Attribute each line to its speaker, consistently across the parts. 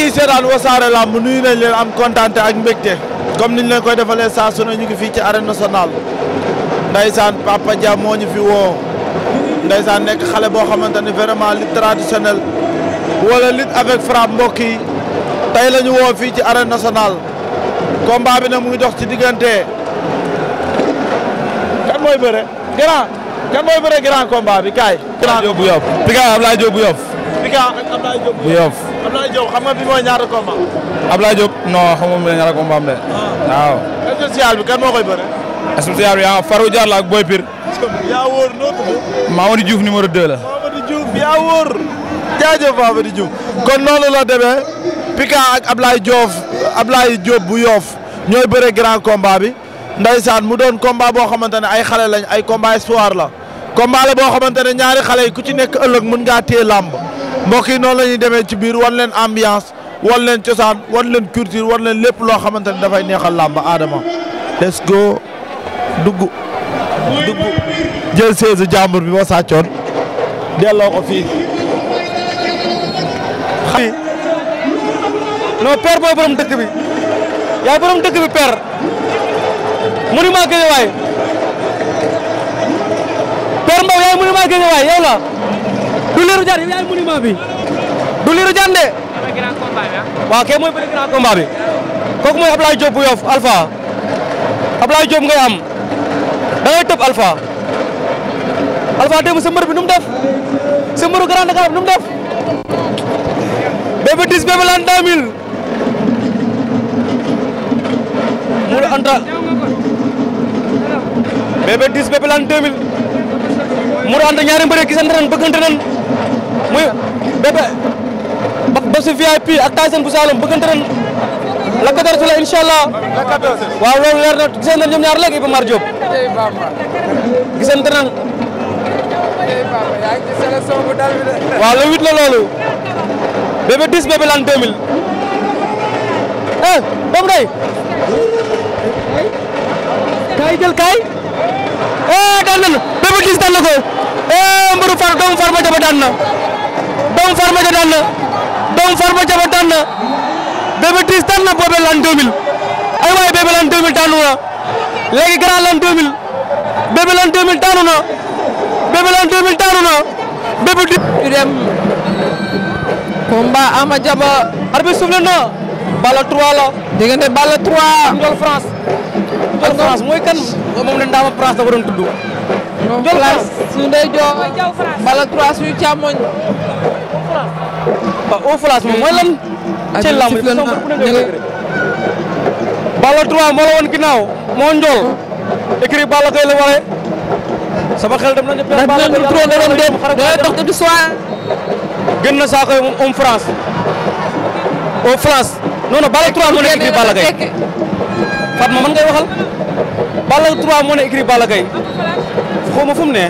Speaker 1: yi seetaan wasaare làmb nuyu nañ leen am kontaan ak mbégte comme niñu leen koy defalee saa su ne ñu ngi fii ci arène nationale ndaysaan Papa Dia moo ñu fi woo ndaysaan nekk xale boo xamante ni vraiment lutte traditionnelle wala lutte avec frappe mbokk yi tey la ñu woo fii ci arène national combat bi nag mu ngi dox ci diggante kan mooy bëre grand kan mooy bëre grand combat bi kaay. grand bu Yoff Ablaye Diop xam nga bi mooy ñaata combat. Ablaye Diop non xamuma de.
Speaker 2: waaw.
Speaker 1: spécial bi kan moo koy bëre.
Speaker 2: spécial bi yaa Farou Diallo ak Boy Pire.
Speaker 1: yaa wóor noo
Speaker 2: tudd. Mamadou la. Mamadou
Speaker 1: Diouf yaa wóor. jaajëf Mamadou Diouf. kon noonu la demee Pika ak Ablaye Diop Ablaye bu Yoff ñooy bëre grand combat bi ndaysaan mu doon combat boo xamante ne ay xale lañ ay combat espoir la combat la boo xamante ne ñaari xale yi ku ci nekk ëllëg mën ngaa mbokk yi noonu la ñuy demee ci biir wan leen ambiance wan leen cosaan wan leen culture wan leen lépp loo xamante ne dafay neexal lamba Adama let's go dugg dugg seesu jàmbur bi ma sàccoon delloo ko fii non père booy borom dëkk bi yaay borom dëkk bi père monument Guédiawaye père Mbow yaay monument Guédiawaye yow du liiru jaan yow yaay monument bi du liiru jaan de. waaw kay mooy bëri grand combat kooku mooy Ablaye Diop bu Yoff Alpha Ablaye ngay am da tëb Alpha Alpha démb sa mbër bi nu def sa mbëru Grand Dakar bi nu def. Bébé 10 Bébé Lane 2000. Modou Anta Bébé 10 Bébé Lane 2000 muy Bébé Babs VIP ak Tyson bu Saloum bëggante nañ la 14 la incha allah. la 14 waaw loolu leer na gisee nañ ñoom ñaar léegi Iba Mar Diop. gisante nañ. waaw le 8 la loolu. Bébé 10 Bébé Lane 2000. eh doomu day. kaay jël kaay. eh daan nañ Bébé 10 daan na ko. eh mbëru far doomu far ma jaba daan na. doomu Farba Dia daan na doomu Farba Dia ba daan na Bébé Tiis daan na Bébé Lan 2000 ay waay Bébé Lan 2000 daanu na léegi Grand Lan 2000 Bébé Lan 2000 daanu na Bébé Lan 2000 daanu na Bébé Tiis ñu dem combat Ama Dia ba arbitre souffle na Balla 3 la diggante Balla 3 Ndiol France Ndiol France mooy kan moom la Ndama France da ko doon tudd Ndiol France suñu ndey joo Balla 3 suñu càmmoñ waaw au flash moom mooy lan. ci lamb yi la woon ginnaaw moo njool. écrit Balla Gaye la waree. sama dem nañu pexe gën na saako yi France. au France non non Balla 3 moo ne écrit Balla Gaye. man ngay waxal. Balla 3 moo ne écrit Balla Gaye. ma fu mu ne.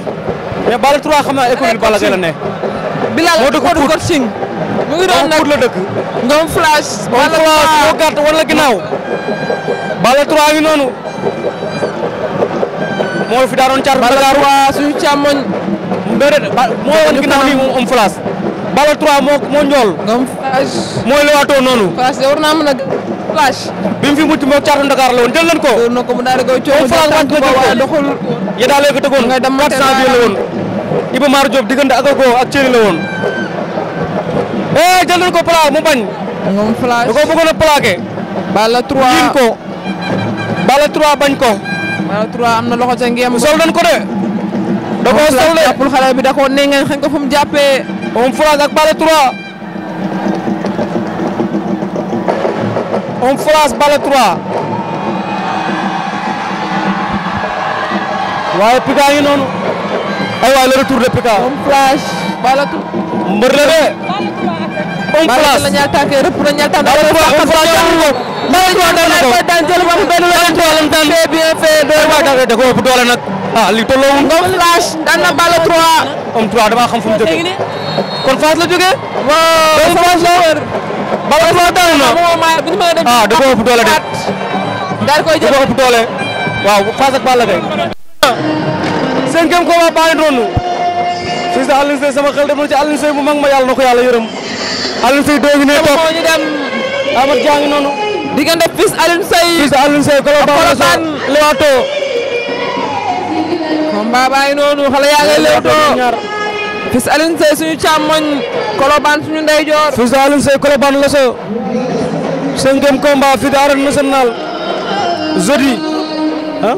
Speaker 1: mais Balla 3 xam naa école Balla Gaye la ne. moo dëkk Pout mu ngi doon nag la dëkk. ngom flash. wala moo gàtt wala ginnaaw. bala trois ngi noonu. moo fi daanoon caatu Dakar waa suñu càmmoñ. mbére moo woon ginnaaw nii moom am flash. a moo moo njool. flash. mooy lewaatoo noonu. flash de war naa mën a flash. bi mu fi mucc moom caatu Dakar la woon jël leen ko. jël ko mu daal di koy coow. flash wàcc na waaye doxul. yéen daal léegi tëggoon. ngay dem la woon. Iba Mar Diop diggante ak Agogo ak Thierry la woon. eh jël nañ ko plat mu bañ. moom flash da koo a plaqué. bala 3 jiin ko. bala 3 bañ ko. bala 3 am na loxo ca ngeem. ko de. da koo sol de bi da koo ne ngeen xëy ko fu mu jàppee. moom flash ak bala 3. moom flash bala 3. waaye Pika noonu. ay waay le retour de mbër la de.
Speaker 3: un place la ñal
Speaker 1: tànkee rëpp na ñal tànkee rëpp na ñal tànkee rëpp na ñal bien fait da ko ëpp doole nag ah li tolloowul ngom flash daan na ball 3 am 3 dama xam fu mu jógee kon Fass la jógee waaw Fass la ball 3 daan na ah da ko ëpp doole de daal koy jël da ko ëpp doole waaw Fass ak Balla Gaye cinquième combat baa ngi noonu fils de Alioune Seye sama xel dem na ci Alioune Seye bu mag ma yàlla na ko yàlla yërëm Alioune Seye doo ngi ne toog ñu dem
Speaker 3: Amat Jaa ngi noonu diggante fils Alioune Seye
Speaker 1: fils Alioune Seye Colobane Leewtoo combat baa ngi noonu xale yaa ngay Leewtoo fils Alioune Seye suñu càmmoñ Colobane suñu ndeyjoor fils Alioune Seye Colobane Leewtoo cinquième combat fii de arène nationale jeudi ah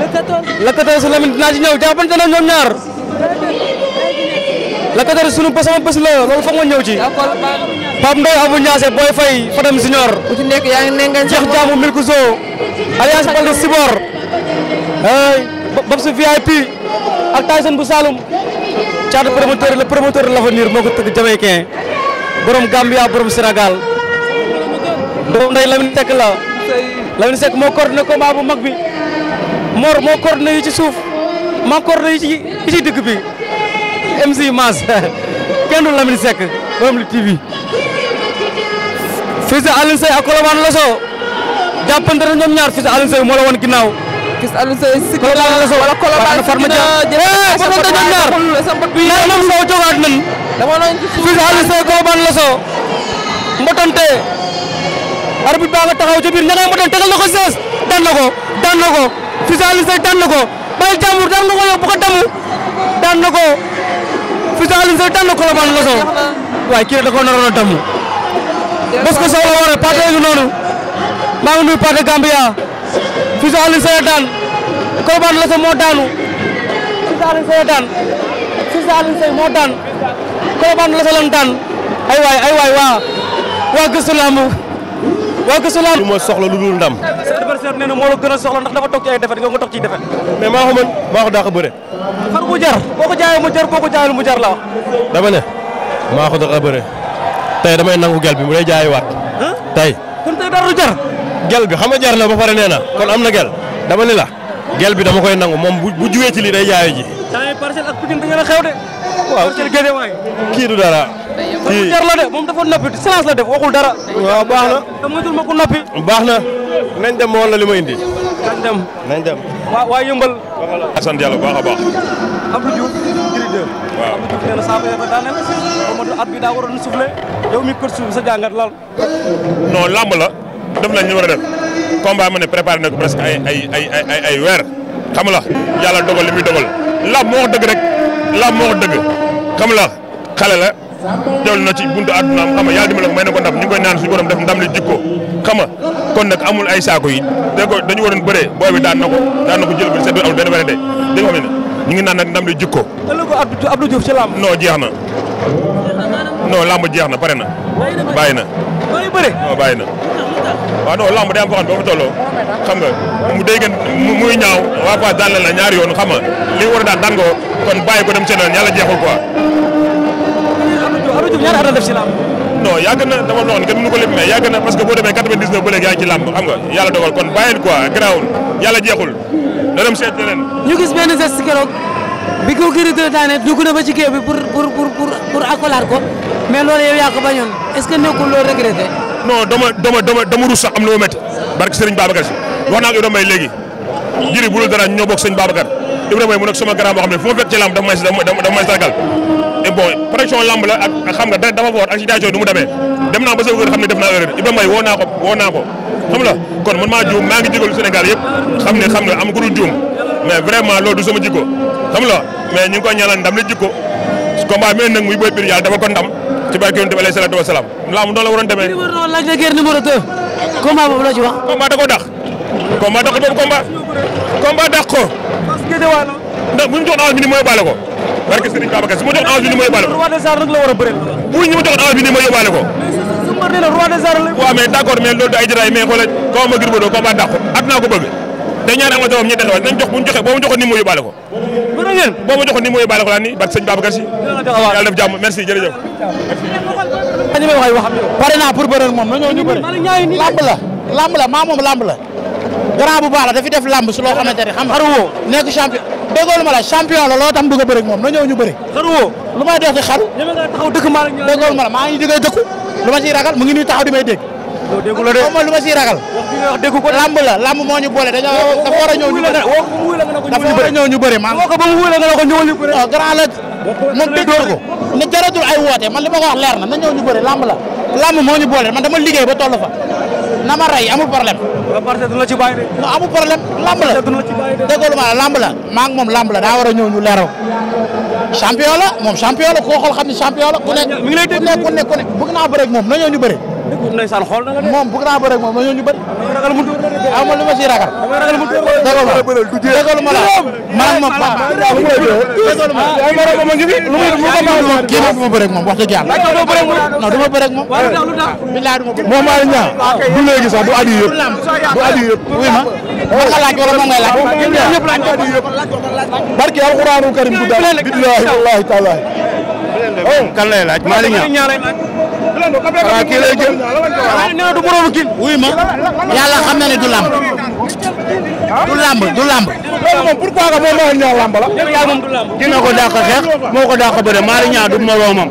Speaker 1: le 14 le 14 Lamine dinaa ci ñëw jàppante na ñoom ñaar la katari sunu bés sama bés la loolu foog nga ñëw ci. Pape Ndoye Abou Niasse Boy Fadam Junior. ku ci nekk yaa ngi ne ngeen. Cheikh Diamou Milku Zo.
Speaker 3: Alliance Balde Sibor.
Speaker 1: Babsi VIP ak Tyson bu Saloum.
Speaker 3: caatu promoteur
Speaker 1: le promoteur l'avenir moo ko tëgg Jamaïcain borom Gambia borom Sénégal. doom ndey Lamine Seck la. Lamine Seck moo coordonné combat bu mag bi. Mor moo coordonné yi ci suuf. maa coordonné yi ci yi bi. MC Mass kenn du Lamine Seck borom li TV fils de Alioune Seye ak na ñoom ñaar fils de Alioune la woon ginnaaw fils de eh, ñaar bi ñoom soo jogaat nañ dama nañ fils de Alioune na ko sees na ko daan na ko na ko bàyyi jàmbur daan nga ko yóbbu ko damu daan na ko fils de Alioune Seye daan na Laso waaye kii da ko naroon a parce que soxla woon Pathé ngi noonu maa ngi nuyu Pathé Gambia fils de Alioune Seye daan Colobane Laso moo daanu fils de Alioune Seye daan fils de Alioune Seye moo Laso lan daan ay waay waa waa gëstu lamb waa gëstu lamb. du ma adversaire nee na moo la gën a soxla ndax dafa toog ci ay defet nga nga toog ciy defet mais maa ko mën maa ko dàq bëre xar mu jar boo ko jaayee mu jar boo ko jaayul mu jar la wax dama ne maa ko a bëre tey damay nangu gel bi mu lay jaayi waat tey kon tey dara du jar gel bi xam nga jar na ba pare nee na kon am na gel dama ni la gel bi dama koy nangu moom bu bu jugee ci lii day jaayoo ji. temps yi parcelle ak Pikine da ngeen a xew de. waaw parcelle Guédiawaye. kii du dara. kii jar la de moom dafa noppi silence la def waxul dara. waaw baax na. te moytul ma ko noppi.
Speaker 2: baax na nañ dem woon la li ma indi. nañ dem nañ yëmbal. sant yàlla baax a baax. Abdou Diouf directeur. waaw Abdou na saa ba yëngu daanaka. Amadou at bi daa waroon soufflé. yow mi kër la def nañ li war a def. combat mu ne préparé na ko presque ay ay ay ay weer xam la yàlla dogal li muy dogal laab moo dëgg rek laab moo dëgg xam la xale la jawli na ci buntu àdduna am xam nga yàlla dimbali ko may na ko ndam ñu ngi koy naan suñu borom def ndam li jikko xam kon nag amul ay saako yi da ko dañu waroon bëree booy bi daan na ko daan na ko jël bi seetlu amul benn werante dégg nga xam ne ñu ngi naan nag ndam li jikko. ëllëgoo Abdou Diouf na. non lamb jeex na pare na. bàyyi na bàyyi bëre. non bàyyi na. waaw non lamb day am foo xam ne boo fa tolloo xam nga mu day gën muy ñaaw waa Fass daan la ñaari yoon xam nga li war a daan daan ko kon bàyyi ko dem seen yoon jeexul quoi. Abdou Diouf ñaari at la def ci lamb. non yàgg na dama noonu kenn mënu ko na parce que boo demee 99 ba léegi yaa ci lamb xam nga yàlla dogal kon bàyyi quoi garaawul yàlla jeexul da dem seet leneen. gis benn keroog bi ko Gris 2 daane dugg na ba ci géew bi pour pour ko mais loolu yow yaa ko bañoon est-ce que nekkul loo regretté. non dama dama dama dama rus sax am na ma métti barke Serigne Babacar si wax naa ko Ibrahima may léegi Gris bu dul dara ñoo bokk sëñ Babacar Ibrahima mu nekk xam ne fu ma fekk ci lamb du mu demee dem naa ba sama kër ne def naa erreur Ibrahima may woo naa ko woo naa ko xam nga kon man maa juum maa ngi jégalu Sénégal yëpp xam ne xam nga am ku dul juum mais vraiment loolu du sama jikko xam la mais ñu ngi koy ñaanal ndam li jikko combat bi nag muy Boy Pire yàlla dafa ko ndam ci barke Yonent bi alayhi salaatu wa salaam laa mu doon la waroon demee. numéro un Lac de Guiers numéro deux. combat boobu la ci wax. combat da ko dàq. combat dàq boobu combat. combat dàq ko. parce que de waalo. ndax bu ñu jox avance bi nii mooy yóbbaale ko. barke Serigne Babacar su ma jox avance bi nii mooy yóbbaale ko. roi des arènes rek la war a bëre. bu ñu ma jox avance bi nii mooy yóbbaale ko. waaw mais d' accord mais loolu du ay jaraay mais xoolal combat Gris Bordeaux combat dàq ko at naa ko bëgg te ñaari amateur am ñetti xewal nañ jox bu ñu joxe boo ma joxoon nii mooy yóbbaale ko ngeen boo ma joxoon nii mooy bàyyi la ni barke sëñ Babacar Si yàlla def jàmm merci jërëjëf
Speaker 1: pare naa pour bëre moom nañoo ñu bëre lamb la lamb la maa moom lamb la grand bu baax la de def lamb su loo xamante ne xam xaruwoo nekk champion déggoolu ma la champion la loo tax bëgg a bëre moom nañoo ñu bëre xaruwoo lu may dox di xaru déggoolu ma la maa ngi dëgg dëkku lu ma ciy ragal mu ngi nii taxaw di may dégg doo déggu la de xaw ma lu ma siy ragal. wax déggu ko lamb la lamb moo ñu boole dañoo dafa war a ñëw ñu bëri. dafa a ñëw ñu bëri man. ma ko wax la. lamb moo ñu boole liggéey ba toll fa na ma rey amul problème. waa parcelle du la ci bàyyi de. non amul problème ma la lamb la. maa ngi moom lamb la daa war a ñëw ñu leeroo. champion la moom champion la koo xool xam ne champion la. ku ne ku ne ku ne bëgg naa bëre ak moom na ñëw ñu dëgg ndeysaan xool na nga de. moom bu grand bëre ak moom ñoo ñu bëri. ragal mu dóor la aw ma lu ma siy ragal. dama ragal mu dóor la déggoo ma la man ma pa ah,
Speaker 2: ma ngi fi lu ma kii ma
Speaker 1: ma bëre ak moom wax dëgg yàlla non du ma bëre ak moom billahi moom ah, ay ñaa du léegi du at yi du at yi yëpp oui ma ma nga laaj wala ma daal billahi wallahi
Speaker 3: taala
Speaker 1: waaw kii a jël. a du moromu kii. wuy ma yàlla xam na ne du lamb.
Speaker 3: du lamb du lamb. loolu moo leen ñëw lamb ko dàq xeex moo ko dàq bëre maa la ñaa du moroomam.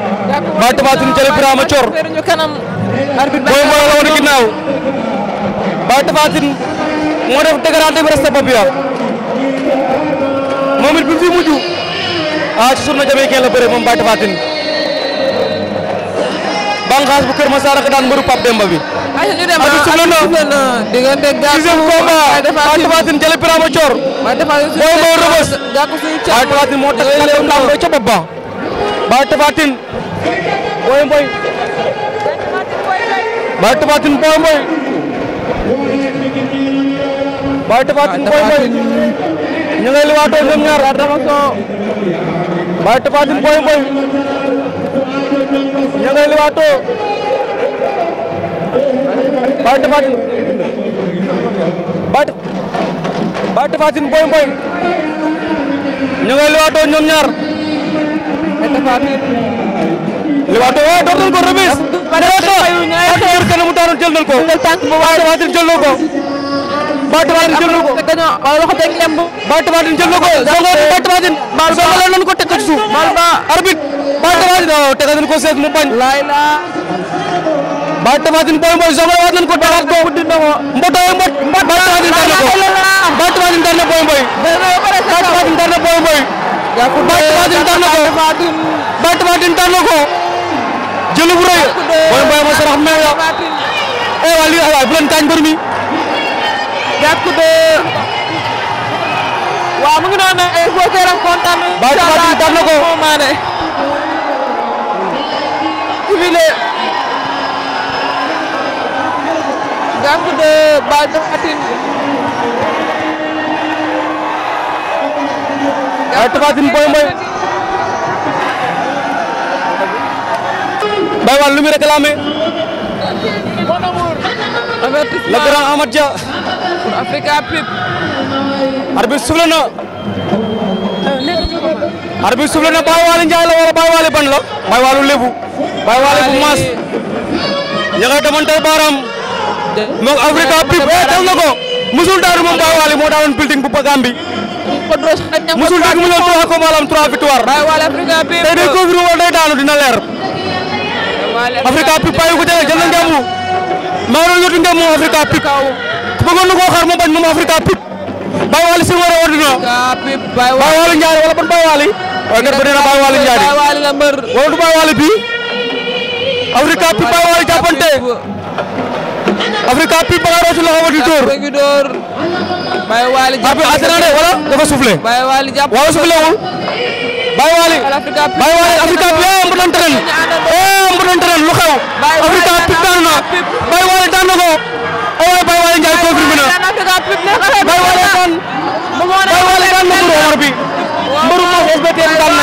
Speaker 1: Baye Tapha Tine Jali Birama Thior Boy Mboro la woon ginnaaw Baye Tapha Tine moo def dégradé bi resté papier moom it bi fi mujj ah ci surna jamee kenn la bëre moom Baye Tapha Tine bànqaas bu Kër Masar ak daan mbëru Pape Demba bi. ayca ñu dem ah allo diggante gàkku sixième combat Baye Tapha Tine Jali Birama Thior. Baye Tapha Tine Boy Mboro Rebeuss. gàkku suñu cër moo tax léeg-léeg ndax mooy ca boppam Baye Tapha Boy Mboye. Baye Tapha Tine Boy Mboye. Baye Tapha Tine Boy Mboye.
Speaker 3: ñu ngi lay liwaatoo ñoom ñaar
Speaker 1: attention. Baye Tapha Tine Boy Mboye. ñu ngi lay liwaatoo. Baye Tapha Tine. Baye Tapha Tine Boy Mboye.
Speaker 3: ñu ngi lay liwaatoo ñoom ñaar.
Speaker 1: Leewtoo waaye door nañ ko remise. Leewtoo kanamu daanu jël nañ ko. waaye Tapha Tine jël na ko.
Speaker 3: waaye Tapha Tine jël na ko. waaye Tapha Tine jël na ko. waaye Tapha Tine jël na ko. waaye Tapha Tine. soxla nañ ko teg ko ci suuf. arbitre. waaye Tapha Tine waaw teg nañ ko seet mu bañ. waaye
Speaker 1: Tapha Tine booy mooy soxla waat nañ ko tegaat ko. mbotooy mbot. waaye Tapha Tine daan na ko. waaye Tapha Tine daan na booy mooy. waaye Tapha Tine daan na booy mooy. waaye Tapha Tine daan na ko. jëlu bu booy booy ma sarax meew ya eh waa lii waay bu leen taañ mbër mi gàkku de waaw mu ngi noonu ay eh, bokeram kontaan baay tafatin tafatin tafatin booy booy
Speaker 3: Mbaye Wane lu muy réclamé. avertissement le grand Amath Dia. pour Africa Pip.
Speaker 1: arbitre soufflé na. arbitre soufflé na Baye Wally Ndiaye la wala Baye Wally ban la. Baye Wally Lébu. Baye Wally bu Maas. ña ngay demanteel baaraam. moom Africa Pip eh dal na ko.
Speaker 2: musul daanu moom Baye Wally moo
Speaker 1: daanoon bu bagam
Speaker 2: musul dégg mu ñëw 3 combats la
Speaker 1: tey day confirmé wala day daanu dina leer. Africa Pipe bàyyi ko jëlee jël na ngembu maa ngi doon yóotu ngembu moom Africa Pipe ku bëggoon na koo xaar mu bañ moom Africa Pipe Baye Waly si war a ordina Baye Waly Ndiaye wala ban Baye Waly waaye ngat ba nee na Baye Waly Ndiaye wala du Baye Waly bii Africa Pipe Baye Waly jàppante Africa Pipe ba nga rooti loxo ba di dóor Baye Waly jàppante wala dafa soufflé wala soufflé wul Baye Waly Baye Waly Africa bi eh mu doon eh, lu xew Africa bi daan na Baye Waly daan na ko eh, waaye Baye Waly Ndiaye confirmé na Baye Waly na mbëru Omar bi mbëru Mass SBT daan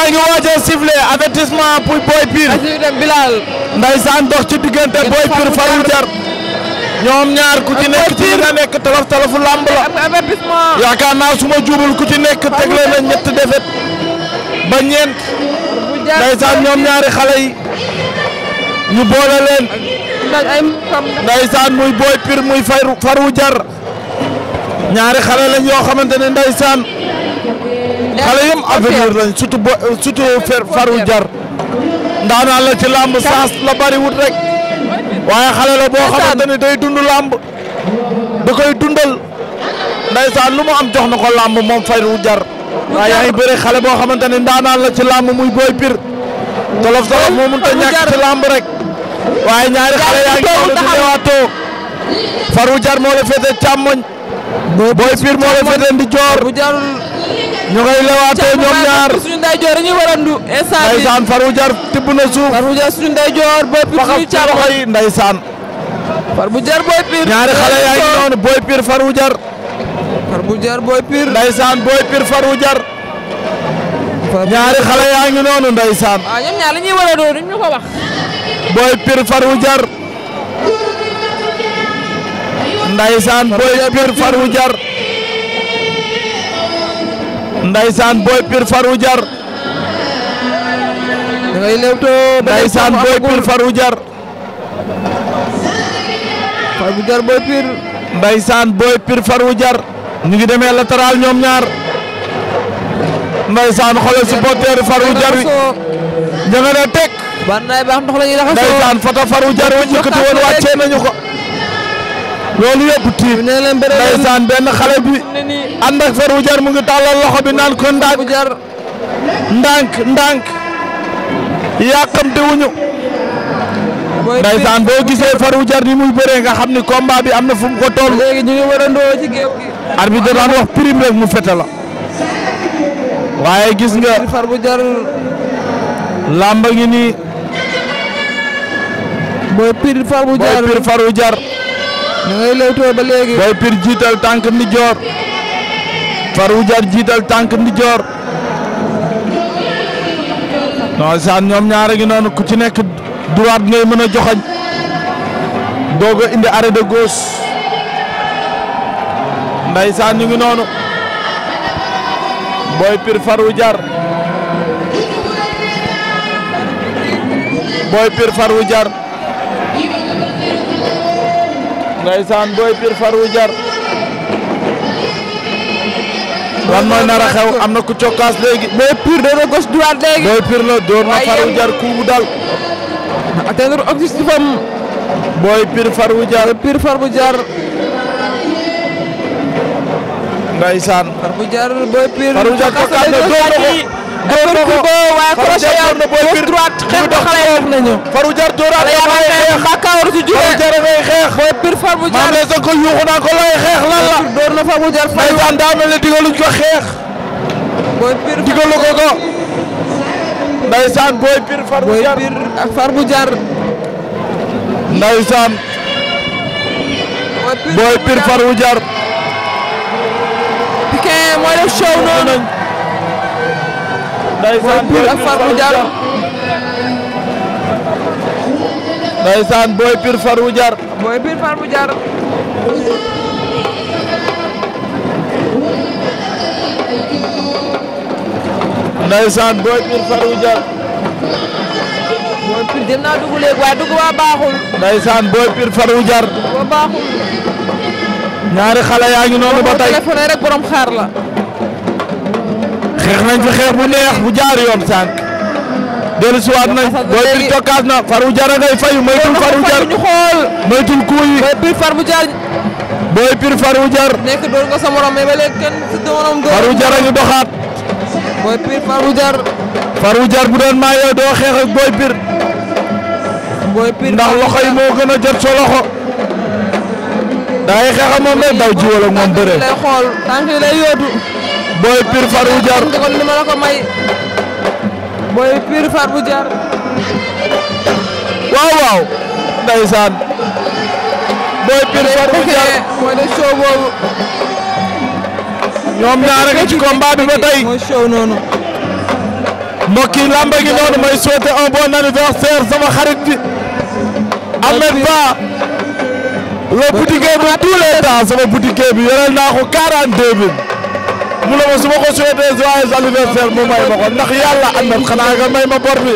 Speaker 1: baa ngi waaj a sifflé avertissement pour Boy Pire. ndeysaan dox ci diggante Boy Pire Farou Diar. ñoom ñaar ku ci nekk ci nga nekk tolof tolofu làmb la. yaakaar naa su ma juumul ku ci nekk tegle na ñett defet ba ñeent. ndeysaan ñoom ñaari xale yi. ñu boole leen. ndeysaan muy Boy Pire muy Farou Diar. ñaari xale lañ yoo xamante ne ndeysaan. xale yëpp avenir lañ surtout bo surtout Farou Diar
Speaker 3: ndaanaan la ci làmb saas la bari wut rek waaye xale la boo
Speaker 1: xamante ne day dund làmb da koy dundal ndaysaan lu mu am jox na ko làmb moom Farou Diar waaye yaa ngi bëri xale boo xamante ne ndaanaan la ci làmb muy booy pir tolof tolof moo mënta ñàkk ci làmb rek waaye ñaari xale yaa ngi doon di lewaatoo Farou Diar moo la pir moo la féete ndijoor
Speaker 3: ñu ngay lewaatoo ñoom ñaar
Speaker 1: suñu nday joor dañuy warandu instant bi na suuf faru jar suñu nday joor booy pir suñu càmmoñ ndeysaan faru jar booy pir ñaari xale yaa ngi noonu booy pir faru jar booy pir ndeysaan booy pir faru booy pir faru jar Ndaysaan Boy Pire faru jar. da ngay lewtoo Ndaysaan Boy jar. faru jar Boy Pire. Ndaysaan Boy Pire jar. ñu ngi demee latéral ñoom ñaar. Ndaysaan xoolal supporter faru jar wi. ña nga ne teg. baax ndox la ñuy raxasoo Ndaysaan Fata faru jar wi yëkkati nañu ko. loolu yëpp tiit ndeysaan benn xale bi ànd ak fer bu jar mu ngi tàllal loxo bi naan ko ndànk ndànk ndànk yàqamte wuñu ndeysaan boo gisee fer bu ni muy bëree nga xam ni combat bi am na fu mu ko toll léegi a ndoo ci rek mu fete la waaye gis nga fer ngi nii mooy pire far bu ñu ngay lewtoo ba léegi. Boy Pire jiital tànk ndijoor. Farou Diar jiital tànk ndijoor. non saan ñoom ñaar noonu ku ci nekk droite ngay mën a joxañ. doog a indi arrêt de gauche. ndeysaan ñu ngi noonu. booy Pire Farou Diar. Boy Pire Farou Diar. ndeysaan booy pir faru jar lan mooy nar a xew am na ku cokkaas léegi booy piir doo na gos duwaat léegi booy pir la door na faru jar ku bu dal atteindre objectif booy pir faru jar pir faru jar ndeysaan booy pir faru jar cokkaas la door góor na ko waaye crochet yow gauche droite xeex ba xale yi nañu. faru jar dooraat la may xeex bàkkaaru si jugee faru jar may xeex. booy pir faru jar maa ngi ko yuuxu naa ko lay xeex lan la. door na faru jar faru jar daa mel ne digaluñ ko xeex. booy pir digalu ko ko. ndaysaan booy pir faru jar booy pir ak faru jar. ndaysaan. booy pir faru jar. Piquet mooy def show noonu. ndeysaan Boy Pire ak Farou Diar ndeysaan Boy Pire Farou Diar Boy Pire Farou Diar ndeysaan Boy Pire Farou Diar Boy Pire dem noonu ba tey rek borom xaar la xeex nañ fi xeex bu neex bu jaar yoon sànq. dellu si waat nañ booy bir tokkaat na faru jar a ngay fayu moytul faru jar ñu xool moytul kuy booy bir faru sa morom mais a ngi doxaat booy bir faru bu doon maa yow doo xeex ak booy bir ndax loxo yi moo gën a jot sa loxo da xeex ak moom lay daw jiwal ak moom bëre booy pir far bu jar li ma waaw waaw ndeysaan booy pir far bu ñoom ñaar a ngi ci combat bi ba tey mooy show noonu mbokk yi lamba gi noonu may souhaiter un bon anniversaire sama xarit bi Ahmed Ba le boutiquier bi tous les temps sama bi yorel naa ko 42 000 mu ne ma su ma ko souhaité joyeux anniversaire mu may ma ko ndax yàlla am na xanaa nga may ma bor bi.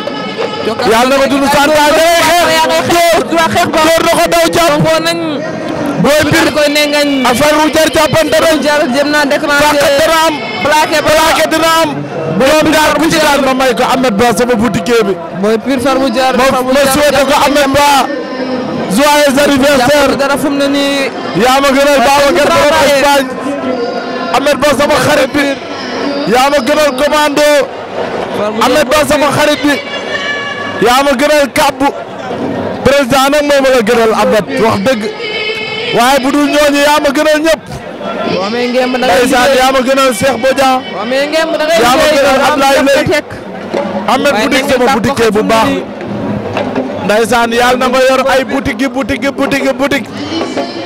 Speaker 1: yàlla na ko dund sant naa ngay xeex door na ko daw jàpp. booy bir affaire ru jar jàppante rek. fàqat dina am. plaqué dina am. boobu daal ku ci daan ma may ko Ahmed Ba sama boutique bi. booy bir far mu jaar ma ma souhaité ko Ahmed Ba. joyeux anniversaire. yaa ma gënal baax ma gerte Espagne. Ahmed Ba sama xarit bi yaa ma gënal commando Ahmed sama xarit bi yaa ma gënal kàbbu président nag moo ma la gënal Ahmed wax dëgg waaye bu dul ñooñu yaa ma gënal ñëpp. waa mais ngemb da yaa ma gënal Cheikh Bodia. da ngay liggéey yaa ma gënal Ablaye Leye. Ahmed boutique sama boutique bu baax. Ndeysaan yàlla na nga yor ay boutique yi boutique yi boutique yi boutique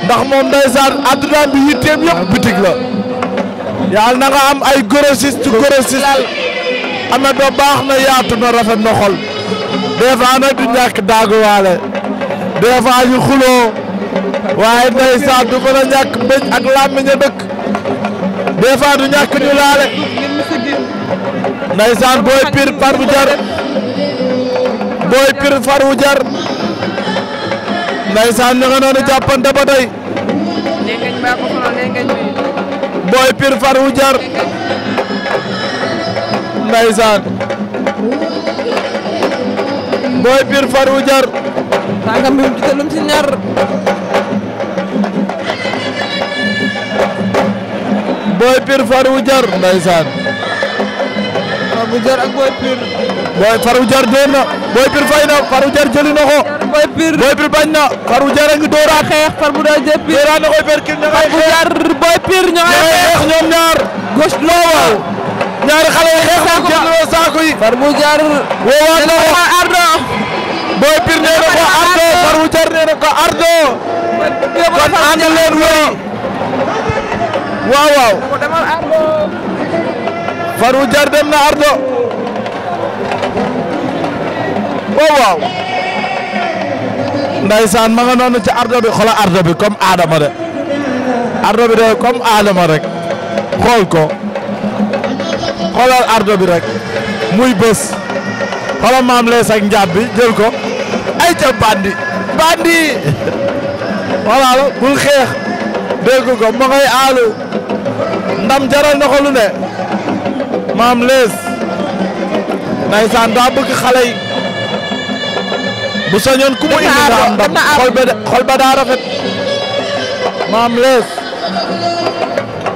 Speaker 1: ndax moom Ndeysaan àdduna bi yitteem yëpp boutique la. yàlla na am ay grossiste grossiste ame doo baax na yaatu na rafet na xol des fois nag du ñàkk daaguwaale des fois ñu xuloo waaye ndeysaan du mën a ñàkk mbéj ak làmmiñ a dëkk des du ñàkk ñu laale ndeysaan booy pir par bu jar booy pir far wu jar ndeysaan ñu nga noonu Boy Pire far wu jar ndeysaan Boy Pire far wu jar tànkam bi mu gisee lu mu Boy Pire far wu jar ndeysaan far jar Boy Pire Boy far wu Boy Pire bañ na. Farou Diar a ngi xeex Farou Diar Pire dooraat na koy perkil ña ngay xeex Farou Diar Boy xeex ñoom ñaar. gos loowaaw. ñaari xale yi xeex saako bi saako yi. Farou Diar. woowaat na ko Ardo. Boy Pire nee na ko Ardo ndaysaan ma nga noonu ci ardo bi xoolal ardo bi comme Adama de ardo bi de comme Adama rek xool ko xoolal ardo bi rek muy bës xoolal maam lees ak njaab bi jël ko ay ca bandi bandi voilà la bul xeex dégg ko ma ngay aalu ndam jaral na ne maam lees ndaysaan daa bëgg xale bu soñoon ku mu indi xol ba xol maam lees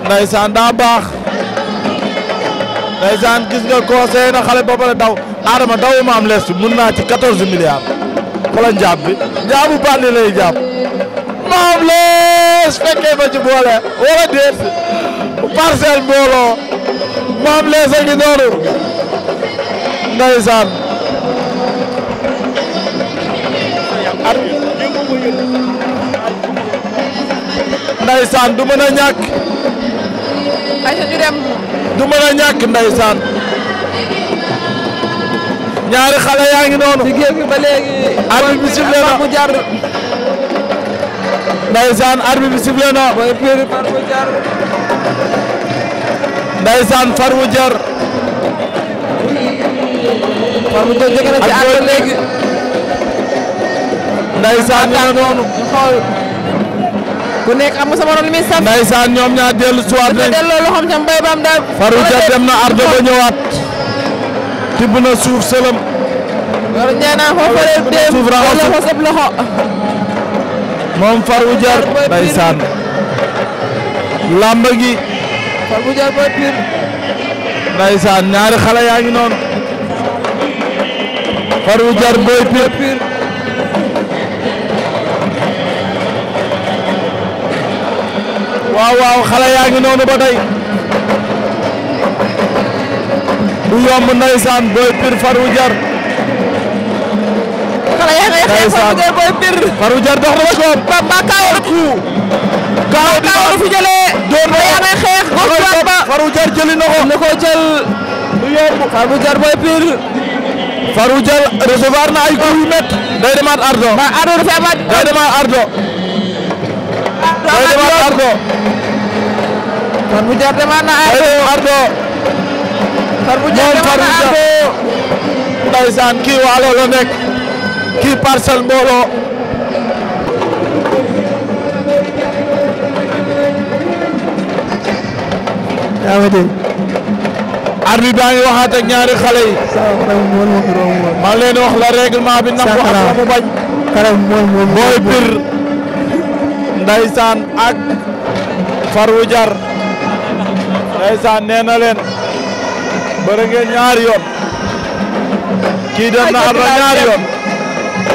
Speaker 1: ndaysaan daa baax ndaysaan gis nga conseil na xale ba pare daw Adama daw maam lees bi mun naa ci 14 milliards njaab bi njaabu bànni lay jàpp maam lees fekkee fa ci boole wala déet parcelle mbooloo maam lees a ngi noonu ndaysaan Ndeysaan du mën a ñàkk. ayca ñu mën a ñàkk ñaari xale yaa ngi noonu. ci géej gi ba léegi. arbitre bi ku nekk am nga sa morom li muy saf. ndaysaan ñoom ñaar dellu si waat nañ delloo loxoom ca baam daal. faru ja dem na ardo ba ñëwaat. tibb na suuf sëlëm. moom faru jar ndaysaan. làmb gi. faru jar booy pire. ndaysaan ñaari xale yaa ngi noon faru jar booy pire. waaw waaw xale ngi noonu ba tey du yomb ndeysaan booy pir faru booy pir. faru jar dox na ko. Bamba Kaolack ku. Kaolack Kaolack fi jëlee. door na ba. faru jar jëli na ko. du yomb faru booy pir. faru jar recevoir na ay coups yu métti. ardo. Farbuja demaat na Ardo Farbuja demaat na Ardo ndeysaan kii waalo la nekk kii parcelle mbooloo yaa ma dégg arbi baa ngi waxaat ak ñaari xale yi maa leen wax la règlement bi nangu wax la mu bañ booy pir ndeysaan ak Farbuja ndeysaan nee na leen bëri ngeen ñaari kii def na am na ñaari yoon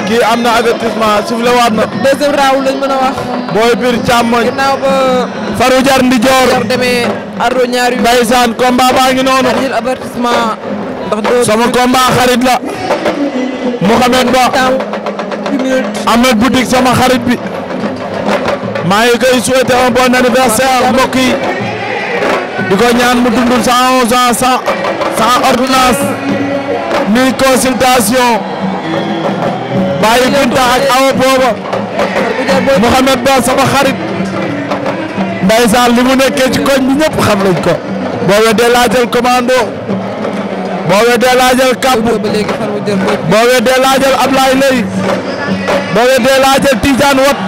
Speaker 1: kii am na avertissement a wax booy biir càmmoñ ginnaaw ba ndi joor jar demee ardo baa ngi noonu avertissement ndax sama combat xarit la Mouhamed Ba Ahmed Boutique sama xarit bi maa ngi koy souhaiter un bon anniversaire mbokk di ko ñaan mu dundul sans urgence sans sans ordonnance ni consultation bàyyi Binta ak Awa booba Mouhamed Ba sama xarit ndeysaan li mu nekkee ci koñ bi ñëpp xam nañ ko boo weddee laajal commando boo weddee laajal kàpp boo weddee laajal Ablaye Lay boo weddee laajal Tidiane Wat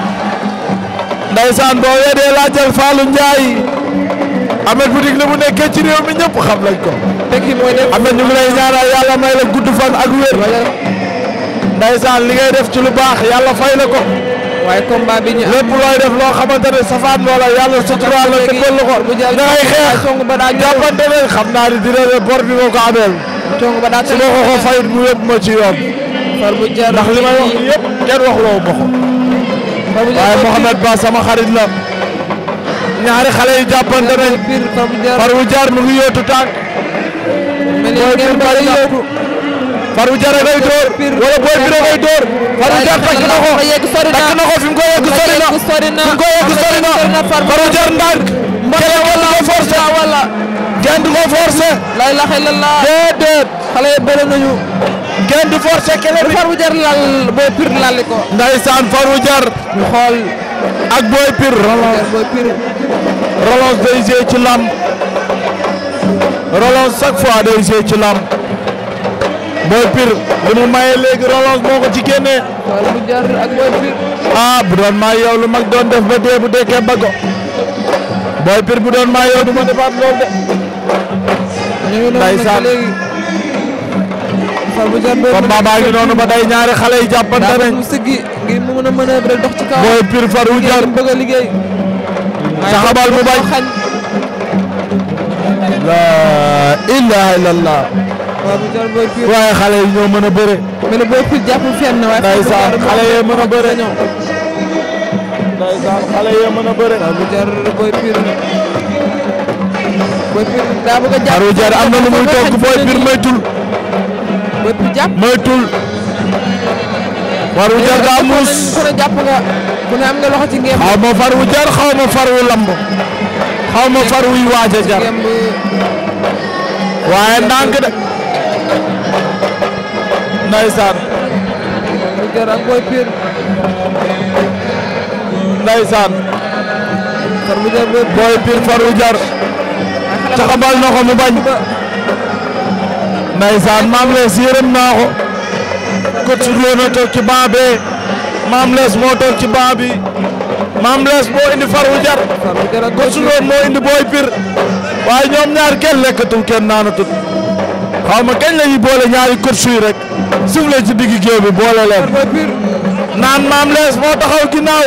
Speaker 1: ndeysaan boo weddee laajal Fallou Ndiaye Ameth Boutique li mu nekkee ci réew mi ñëpp xam lañ ko. tekki mooy def Ameth ñu ngi lay ñaanal yàlla may la gudd fan ak wér. ndeysaan li ngay def ci lu baax yàlla fay la ko. waaye combat bi ñu am lépp looy def loo xamante ne safaan loola yàlla suturaal la dëggal la da ngay xeex jàppante ne xam naa ne dina ne ko ameel. su ma ko ko fayit mu yëpp ma ci yoon. ndax li may wax yëpp kenn waxuloo ma ko. waaye xarit la. ñaari xale yu jàppante nañ Farou Diar mu ngi yóotu tànk Boy Pire bari yóotu Farou Diar a ngay door wala Boy a ngay door Farou takk na ko takk na ko fi mu ko yegg sori na fi mu ko yegg sori na Farou Diar ndànk kele wala ko ko forcé lay la xel la déedéet xale yi bëri nañu genn ak Boy Pire relance day jee ci lamb relance chaque fois day jee ci lamb Boy Pire li mu maye léegi relance moo ko ci génnee ah bu doon maa yow lu mag doon def ba dee bu dekkee ba go Boy Pire bu doon maa yow du ma defaat loolu de ndeysaan comme baa baa ngi noonu ba day ñaari xale yi jàppante nañ a manœuvre dox ci kaw. mooy a waaye xale yi mën a bëre. mën a booy pire jàpp waaye. xale yee mën a bëre ñoom. ndeysaan xale yee mën a bëre. waaw bu jar booy pire la. booy pire daa bëgg a jàpp. am na lu muy toog booy pire moytul. booy pire jàpp faru jar daa muus ku faru jar xaw faru lamb waaye ndànk de ndeysaan. ndeysaan. booy pir faru jar taxabal na ko mu bañ. ndeysaan maam lees yërëm naa ko. coach Loona ci banc bi Mame Less moo toog ci banc bi Mame Less moo indi Farou Jar coach Loona moo indi Boy Pire waaye ñoom ñaar kenn lekkatul kenn naanatul xaw ma kañ la boole ñaari coach yi rek sifle ci digg géew bi boole leen
Speaker 2: naan Mame Less
Speaker 1: moo taxaw ginnaaw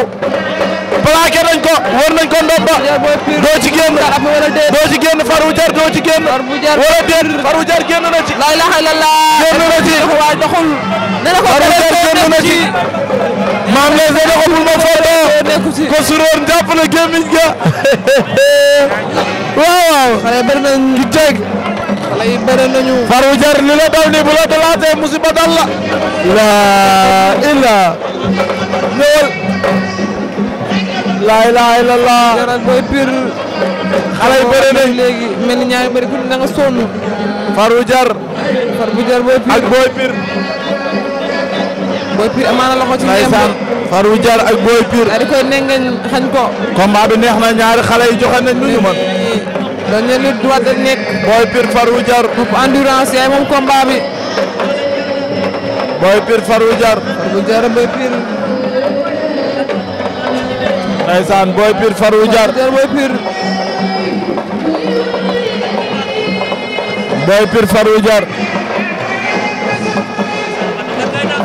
Speaker 1: plaqué nañ ko war nañ ko ndomba doo ci génn doo ci génn Farou Jar doo ci génn wala déet Farou Jar génn na ci la ilaha illallah na ci maam ngay seen ma foto ko nañ ci teg la dal ni bu la dalaatee musiba dal la ilaa ñëwal laa ilaa ilaa jaral booy pir xale da nga sonn faru jar faru booy pir booy pir amaana loxo ci ñebe faru jar ak booy pir. daal di koy nengeñ xañ ko. combat bi neex na ñaari xale yi joxe nañ lu ñu mën. dañ leen di droit dañ nekk. booy pir faru jar. pour endurance yaay moom combat bi. booy pir faru jar. faru jar booy pir. ndeysaan booy pir faru jar. faru jar booy pir. booy pir faru jar.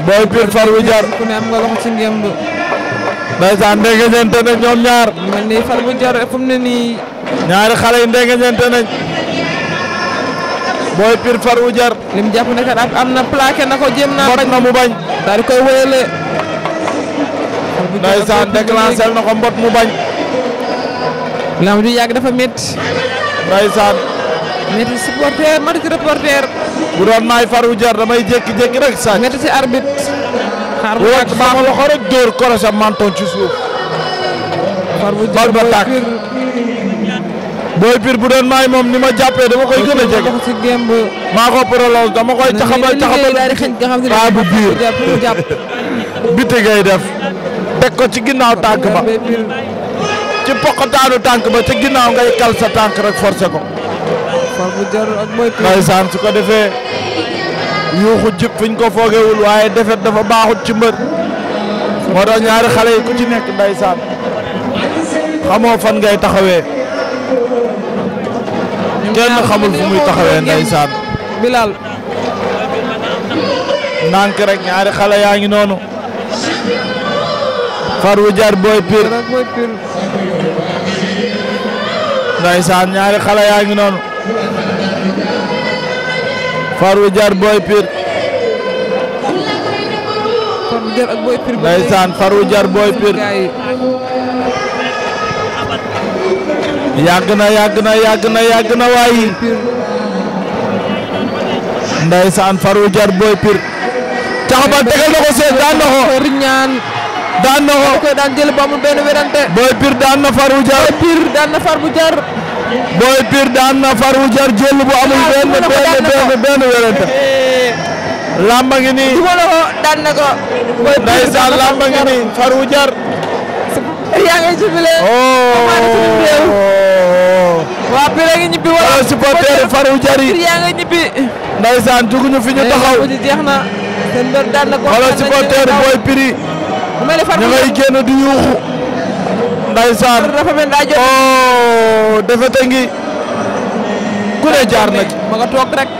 Speaker 1: booy pir far wu jar ku am nga loxo ci ngemb ndeysaan ndegeñante nañ ñoom ñaar mel far wu jar fu mu ne nii ñaari xale yi ndegeñante nañ booy pir far wu lim jàpp ne kat am na plaqué na ko jéem naa bañ na mu bañ daal koy wéyale ndeysaan déclenché na ko mbot mu bañ lamb ju yàgg dafa métti ndeysaan métti supporter métti reporter bu doon maay faru jar damay jékki-jékki rek sàcc. métti ci arbitre. xaar bu baax ma loxo rek dóor korosam manton ci suuf. far ba tàkk booy pir bu doon maay moom ni ma jàppee dama koy gën a jege. maa ko prolonge dama koy taxabal taxabal paa bu biir biti ngay def. teg ko ci ginnaaw tànk ba. ci poqataanu tànk ba ci ginnaaw ngay kal sa tànk rek forcé ko. far mu jar ak moytu. ndeysaan ko defee yuuxu jub fiñ ko foogewul waaye defet dafa baaxut ci mbër
Speaker 3: moo tax ñaari xale yi
Speaker 1: ku ci nekk ndeysaan xamoo fan ngay taxawee kenn xamul fu muy taxawee ndeysaan Bilal nànk rek ñaari xale yaa ngi noonu far wu jar booy pir ndeysaan ñaari xale yaa ngi noonu far wi jaar booy pir ndeysaan far wi booy pir yàgg na yàgg na yàgg na yàgg na waayi ndeysaan far wi jaar booy pir caxabal tegal na ko seet daan na ko daan na ko daan jël ba mu benn werante booy pir daan na far wu booy pir daan na far bu jaar Boy Pire daan na Far Wu Jar jël bu amul benn benn benn benn wérante eh. lamba ngi nii daan na ko ndeysaan lamba ngi nii Far Wu Jar yaa ngi jubile oh. oh. waa Pire ngi ñibbi wala supporter Far Wu Jar yi yaa ngi ñibbi ndeysaan juguñu fi ñu taxaw jeex na seen daan na ko wala supporter Boy Pire ñu ngay génn di yuuxu ndeysaan oh defete ngi ku ne jaar na ci ma nga toog rek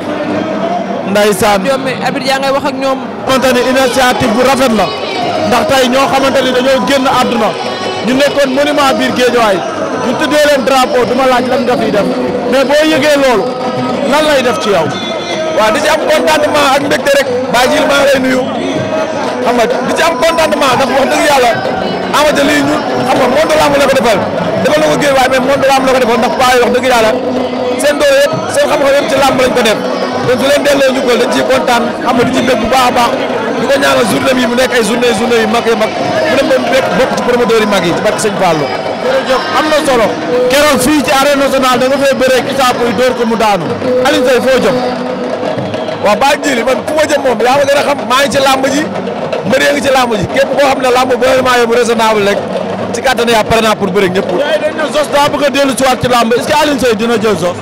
Speaker 1: ndeysaan ñoom abid yaa ngay wax ak ñoom xamante ni initiative bu rafet la ndax tey ñoo xamante ni dañoo génn àdduna ñu nekkoon monument biir Géejawaay ñu tuddee leen drapeau duma laaj lan nga fiy def mais boo yëgee loolu lan lay def ci yow waa di ci am contentement ak mbégte rek bàyyi ji maa lay nuyu xam di ci am contentement ndax wax dëgg yàlla Ama Dia lii na ko géej waaye mais monde yàlla seen doole kontaan xam di ci a baax mu nekk ay journée journée yu mag yi mag yi mag yi ci am na solo keroog fii ci arène nationale da nga fay bëree kitaabu yi door ko mu daanu Alioune Seye foo jëm. waaw baa jili man ku ma jëm moom yaa ma gën a xam maa ngi ci làmb ji mbër yaa ngi ci làmb ji képp koo xam ne làmb booy maa yóbbu raisonnable rek ci kattan yaa pare naa pour bëri ñëpp. gars yi dañ ne Zoss daa bëgg a dellu ci waat ci làmb est-ce dina jël Zoss.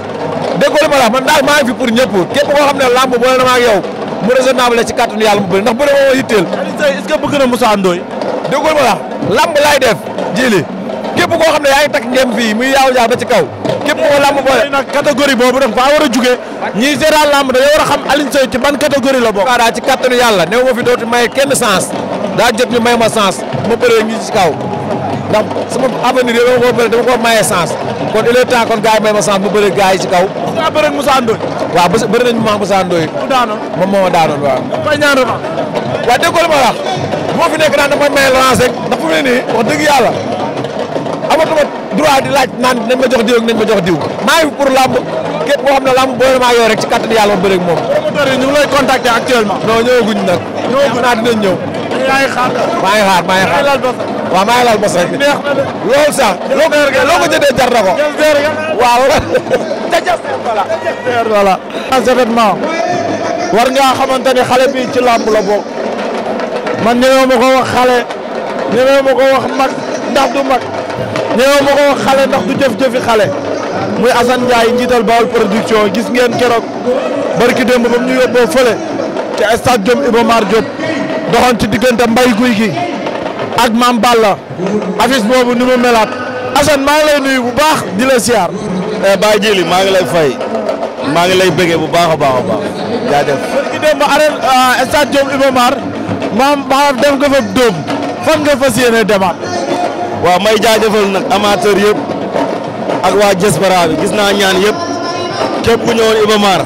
Speaker 1: déggoo ma la man daal maa ngi fi pour ñëpp képp koo xam ne làmb boole na ma ak yow mu raisonnable ci kattanu yàlla mu bëri ndax bëri ma yitteel. Alioune Seye est-ce que bëgg ma la làmb laay def jili képp koo xam ne yaa ngi takk ngeen fii muy yaaw jaa ba ci kaw képp koo lamb boobu dafa faa war a jugee ñiy géral lamb dañoo war a xam Alioune Seye ci ban catégorie la bokk daa ci kattanu yàlla new ma fi dootu may ma sens ma bëree ngi ci kaw ndax sama ma ko bëri dama ko maye sens kon il est temps kon gars yi may ma sens ma bëri gars yi ci kaw daa bëri Moussa Ndoye waaw bëri nañu ma Moussa Ndoye moom moo ma daanoon waaw fay ma wax bu fi nekk naan dama may lance rek ndax fu mu wax dëgg yàlla amatuma droit di laaj naan nañ ma jox diw ak nañ ma jox diw na ngi pour làmb képp koo xam ne làmb booy maa yoo rek ci kàttan yàlla ma bëreeg moom. promoteur yi ñu ngi lay contacter actuellement. non ñëwaguñ nag. ñëwaguñ naa dinañ ñëw. maa ngi xaar maa ngi xaar maa ngi xaar waaw maa ngi laal bos rek. neex na de loolu sax. loo ko loo ko jëndee jar na war ngaa xamante xale bi ci làmb la bokk man ñemee ma ko wax xale ñemee ma ko wax mag ndax du mag. ñëw ma ko xale ndax du jëf-jëfi xale muy Assane Ndiaye njiital Baol production gis ngeen keroog barki démb ba mu ñu yóbboo fële ci stade Diop Iba Mar doxoon ci diggante mbay guy gi ak maam Balla affiche boobu ni mu melaat Assane maa ngi lay nuyu bu baax di la siyaar. Eh, Baye Djili maa ngi lay fay maa ngi lay bëggee bu baax a baax a baax jaajëf. barki démb arène euh, stade Diop maam maa def nga fa dóom fan nga fas yéene demaat. waaw may jaajëfal nag amateur yëpp ak waa diaspora bi gis naa ñaan yëpp képp ku ñëwoon Iba Mar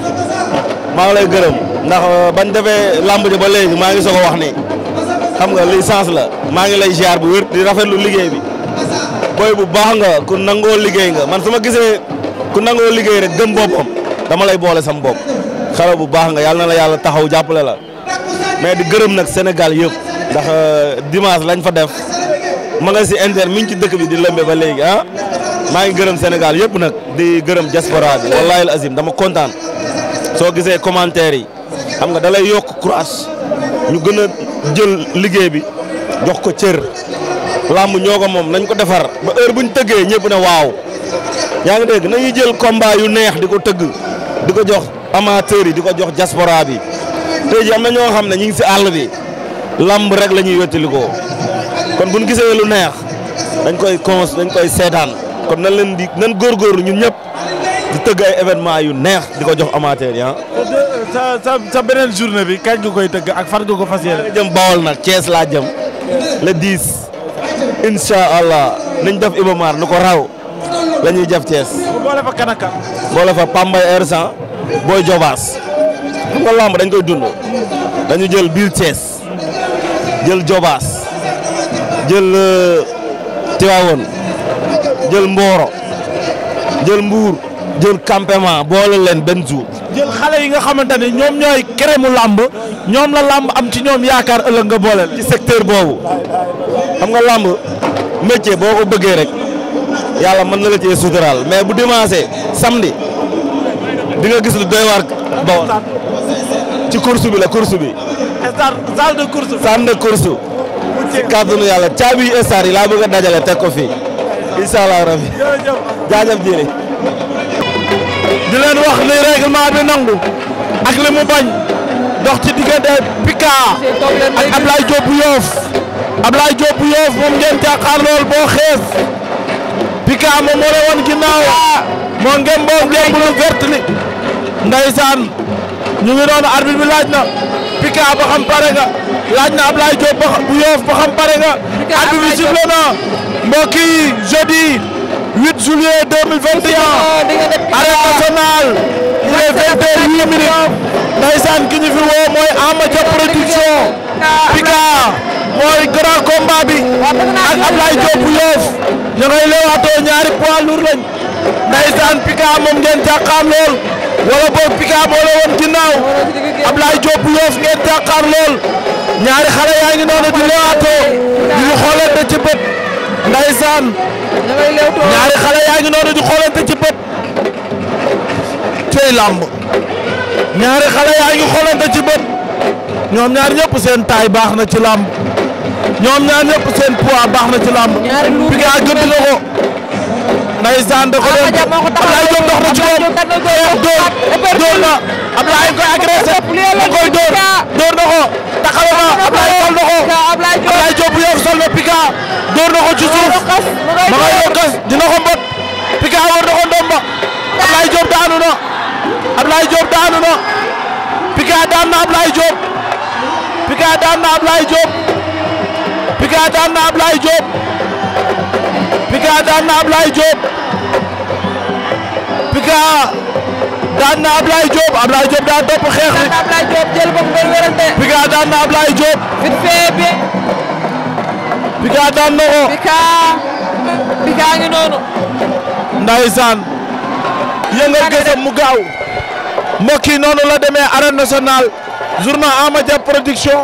Speaker 1: maa ngi lay gërëm ndax euh, bañ defee làmb ba léegi maa ngi soog wax ni xam nga li sens la maa ngi lay ziar bu wér di rafetlu liggéey bi boy bu baax nga ku nangoo liggéey nga man su ma gisee ku nangoo liggéey rek gëm boppam dama lay boole sam bopp xale bu baax nga yàlla na la yàlla taxaw jàppale la mais di gërëm nag Sénégal yëpp ndax euh, dimanche lañ fa def. si inter mi ngi ci dëkk bi di lëmbe ba léegi ah. maa ngi gërëm Sénégal yëpp nag di gërëm diaspora bi wallaahi al dama kontaan soo gisee commentaire yi xam nga dalay lay yokk courage ñu gën a jël liggéey bi jox ko cër làmb ñoo ko moom nañ ko defar ba heure bu ñu tëggee ñëpp na waaw yaa ngi dégg nañuy jël combat yu neex di ko tëgg di ko jox amateur yi di ko jox diaspora bi tey ji am na ñoo xam ne ñu ngi si àll bi làmb rek la ñuy wettilikoo kon buñ gisee lu neex dañ koy cons dañ koy seetaan kon nan leen di nan góorgóorlu ñu ñëpp di tëgg ay événement yu neex di ko jox amateur yi ah. sa sa beneen journée bi kañ nga koy tëgg ak fan nga ko fas yéene. jëm Bawol nag Thiès laa jëm le 10 incha allah nañ def Ibamar nu ko raw la ñuy def Thiès. boole fa Kanaka. boole fa Pambay Ersan Boy Jobaas xam nga lamb dañ koy dund dañu jël biir Thiès jël Jobaas. jël euh, Tiwaawoon jël Mboro jël Mbuur jël campement boole leen benn jour. jël xale yi nga xamante ne ñoom ñooy keremu làmb ñoom la làmb am ci ñoom yaakaar ëllëg nga booleel ci secteur boobu xam nga làmb métier boo ko bëggee rek yàlla mën na la cee suturaal mais bu dimanche samedi di nga gis lu doy waar bawol ci course bi la course bi. salle de course. salle de ci kàttanu yàlla caabi yu star yi laa bëgg a dajale teg ko fii incha allah rabi jaajëf jëri di leen wax li règlement bi nangu ak li mu bañ dox ci diggante Pika ak Ablaye Diop bu Yoof Ablaye Diop bu Yoof moom ngeen jàkkaar lool boo xees Pika moom moo la woon ginnaaw moo ngeen boo ngeen lu vert li ndeysaan ñu ngi doon arbitre bi laaj na Pika ba xam pare nga laaj na Ablaye Diop ba yoof ba nga. at bi sifflé na mbokk yi jeudi 8 juillet 2021. arène nationale. il est 22h08 ki ñu fi woo mooy Ama Dia production. Pika mooy grand combat bi. ak Ablaye Diop bu yoof. ña ngay leewaatoo ñaari poids lourd lañ. ndaysaan Pika moom ngeen jàkkaar lool. wala boog Pika moo la woon ginnaaw. Ablaye Diop yoof ngeen jàkkaar lool. ñaari xale yaa ngi noonu di lewaatoo di ñu xoolante ci bët ndaysaan ñaari xale yaa ngi noonu di xoolante ci bët cey làmb ñaari xale yaa ngi xoolante ci bët ñoom ñaar ñëpp seen taay baax na ci làmb ñoom ñaar ñëpp seen poids baax na ci làmb Piquet ak gëdd na ko da ko doon Ablaye Diop dox na ci moom xeex koy agressé da na ko taxaw na Ablaye sol na ko sol na Pika door na ko ci suuf ma ngay yokkas dina ko mbot Pika war na ko ndomba Ablaye Diop daanu na Ablaye Diop daanu na Pika daan na Ablaye Diop Pika daan na Ablaye Diop Pika daan na Ablaye Diop Pika daan na Ablaye Diop Ablaye Diop daa topp xeex bi. daan daan na Ablaye Diop. vite daan na ko. ngi noonu. Ndeysaan. yëngal gësam mu gaaw. mbokk yi noonu la demee arène nationale journal Amadia production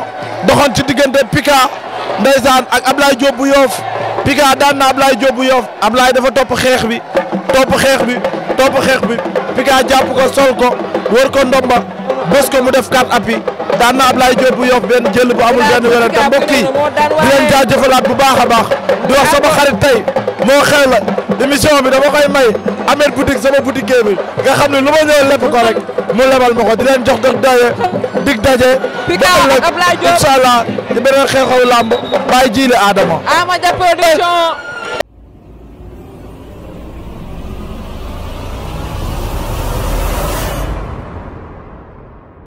Speaker 1: doxoon ci diggante Pika Ndeysaan ak Ablaye Diop bu yoof Pika daan na Ablaye Diop bu yoof Ablaye dafa topp xeex bi topp xeex bi topp xeex bi. Pika jàpp ko sol ko wër ko ndomba bës ko mu def quatre appuis daan na Ablaye Diop bu Yoff benn jël bu amul benn werante mbokk yi di leen jaajëfalaat bu baax a baax di wax sama xarit tey moo xel la émission bi dama koy may Ameth boutique sama boutique bi nga xam ne lu ma ñëw lépp ko rek mu lebal ma ko di leen jox dëgg daje dig daje. ba ak Ablaye Diop incha allah jiile Adama.